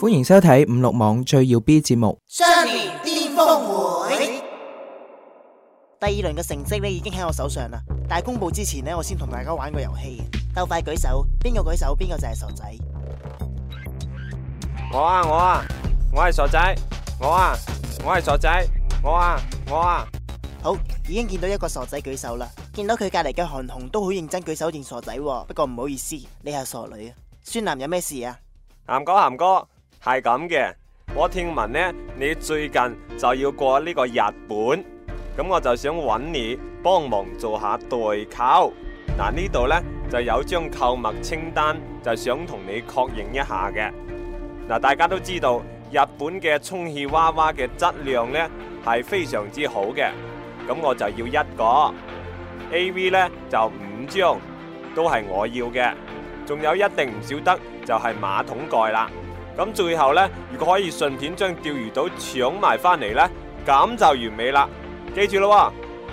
歡迎收睇五六網最耀 B 節目。雙年巔峰會，第二輪嘅成績咧已經喺我手上啦。但係公布之前咧，我先同大家玩個遊戲嘅。鬥快舉手，邊個舉手邊個就係傻仔。我啊，我啊，我係傻仔。我啊，我係傻仔。我啊，我啊。好，已經見到一個傻仔舉手啦。見到佢隔籬嘅韓紅都好認真舉手認傻仔，不過唔好意思，你係傻女啊。孫楠有咩事啊？涵哥，涵哥。係咁嘅，我聽聞呢，你最近就要過呢個日本，咁我就想揾你幫忙做下代購。嗱、啊、呢度呢就有張購物清單，就想同你確認一下嘅。嗱、啊，大家都知道日本嘅充氣娃娃嘅質量呢係非常之好嘅，咁我就要一個 A.V. 呢，就五張都係我要嘅，仲有一定唔少得就係、是、馬桶蓋啦。咁最後咧，如果可以順便將釣魚島搶埋翻嚟咧，咁就完美啦！記住咯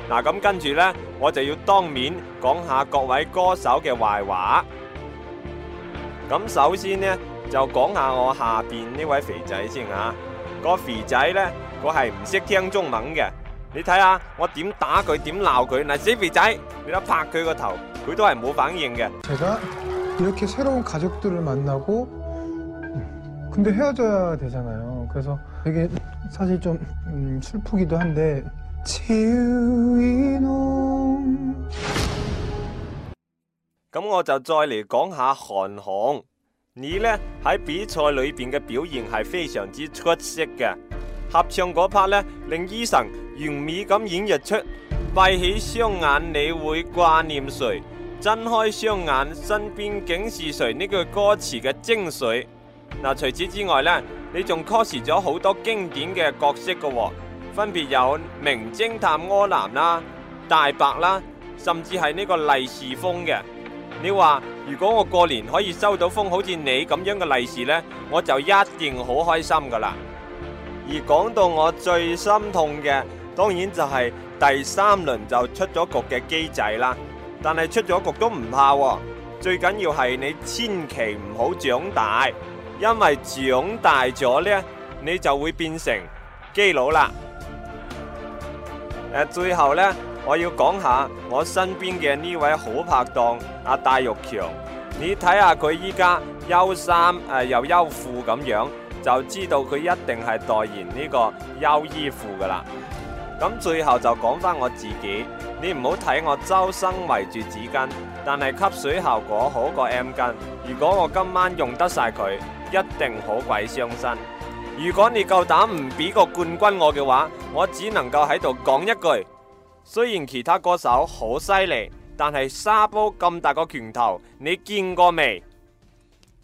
喎，嗱咁跟住咧，我就要當面講下各位歌手嘅壞話。咁首先咧，就講下我下邊呢位肥仔先嚇。個肥仔咧，佢係唔識聽中文嘅。你睇下我點打佢，點鬧佢嗱，死肥仔，你一拍佢個頭，佢都係冇反應嘅。咁我就再嚟講下韓紅，你呢？喺比賽裏面嘅表現係非常之出色嘅。合唱嗰 part 呢，令 Eason 完美咁演繹出閉起雙眼你會掛念誰，睜開雙眼身邊竟是誰呢句歌詞嘅精髓。嗱，除此之外呢，你仲 cos 咗好多經典嘅角色噶，分別有名偵探柯南啦、大白啦，甚至係呢個利是封嘅。你話如果我過年可以收到封好似你咁樣嘅利是呢，我就一定好開心噶啦。而講到我最心痛嘅，當然就係第三輪就出咗局嘅機仔啦。但係出咗局都唔怕，最緊要係你千祈唔好長大。因為長大咗呢，你就會變成基佬啦。呃，最後呢，我要講下我身邊嘅呢位好拍檔阿戴玉強，你睇下佢依家優衫誒又優褲咁樣，就知道佢一定係代言呢個優衣庫噶啦。咁最後就講翻我自己，你唔好睇我周身圍住紙巾，但係吸水效果好過 M 巾。如果我今晚用得晒佢。一定好鬼傷心。如果你夠膽唔俾個冠軍我嘅話，我只能夠喺度講一句：雖然其他歌手好犀利，但係沙煲咁大個拳頭，你見過未？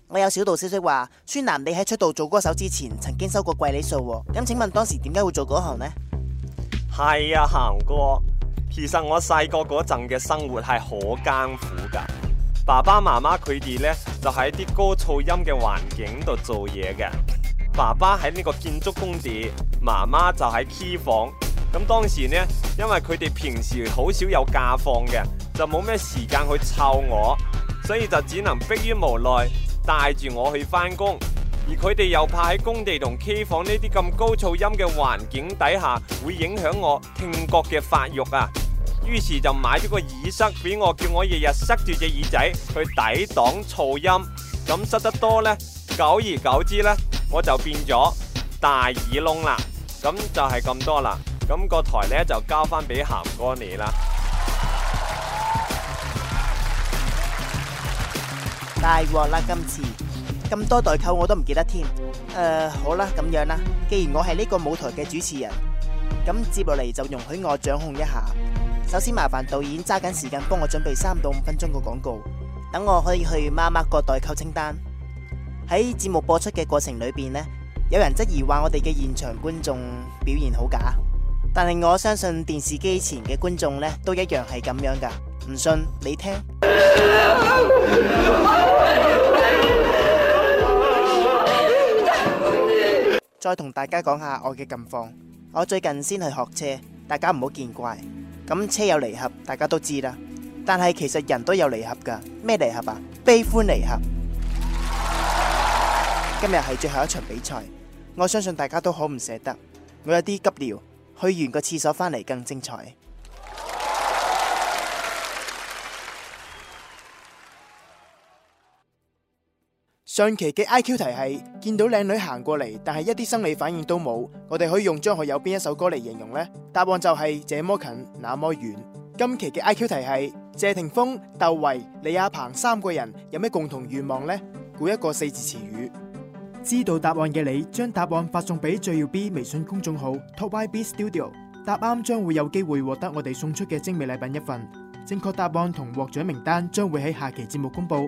我有小道消息話，孫楠你喺出道做歌手之前，曾經收過貴利數。咁、嗯、請問當時點解會做嗰行呢？係啊，行過。其實我細個嗰陣嘅生活係好艱苦噶。爸爸媽媽佢哋呢，就喺啲高噪音嘅環境度做嘢嘅，爸爸喺呢個建築工地，媽媽就喺 K 房。咁當時呢，因為佢哋平時好少有假放嘅，就冇咩時間去湊我，所以就只能迫於無奈帶住我去翻工。而佢哋又怕喺工地同 K 房呢啲咁高噪音嘅環境底下，會影響我聽覺嘅發育啊！於是就買咗個耳塞俾我，叫我日日塞住隻耳仔去抵擋噪音。咁塞得多呢，久而久之呢，我就變咗大耳窿啦。咁就係咁多啦。咁個台呢就交翻俾鹹哥你啦。大鑊啦！今次咁多代購我都唔記得添。誒，好啦，咁樣啦。既然我係呢個舞台嘅主持人，咁接落嚟就容許我掌控一下。首先麻煩導演揸緊時間幫我準備三到五分鐘嘅廣告，等我可以去 mark 個代購清單。喺節目播出嘅過程裏邊呢，有人質疑話我哋嘅現場觀眾表現好假，但係我相信電視機前嘅觀眾呢都一樣係咁樣噶。唔信你聽。 再同大家講下我嘅近況，我最近先去學車，大家唔好見怪。咁車有離合，大家都知啦。但係其實人都有離合噶，咩離合啊？悲歡離合。 今日係最後一場比賽，我相信大家都好唔捨得。我有啲急尿，去完個廁所返嚟更精彩。上期嘅 IQ 題係見到靚女行過嚟，但係一啲生理反應都冇，我哋可以用張學友邊一首歌嚟形容呢？答案就係這麼近那麼遠。今期嘅 IQ 題係謝霆鋒、竇唯、李亞鵬三個人有咩共同願望呢？估一個四字詞語。知道答案嘅你，將答案發送俾最耀 B 微信公眾號 Top Y B Studio，答啱將會有機會獲得我哋送出嘅精美禮品一份。正確答案同獲獎名單將會喺下期節目公布。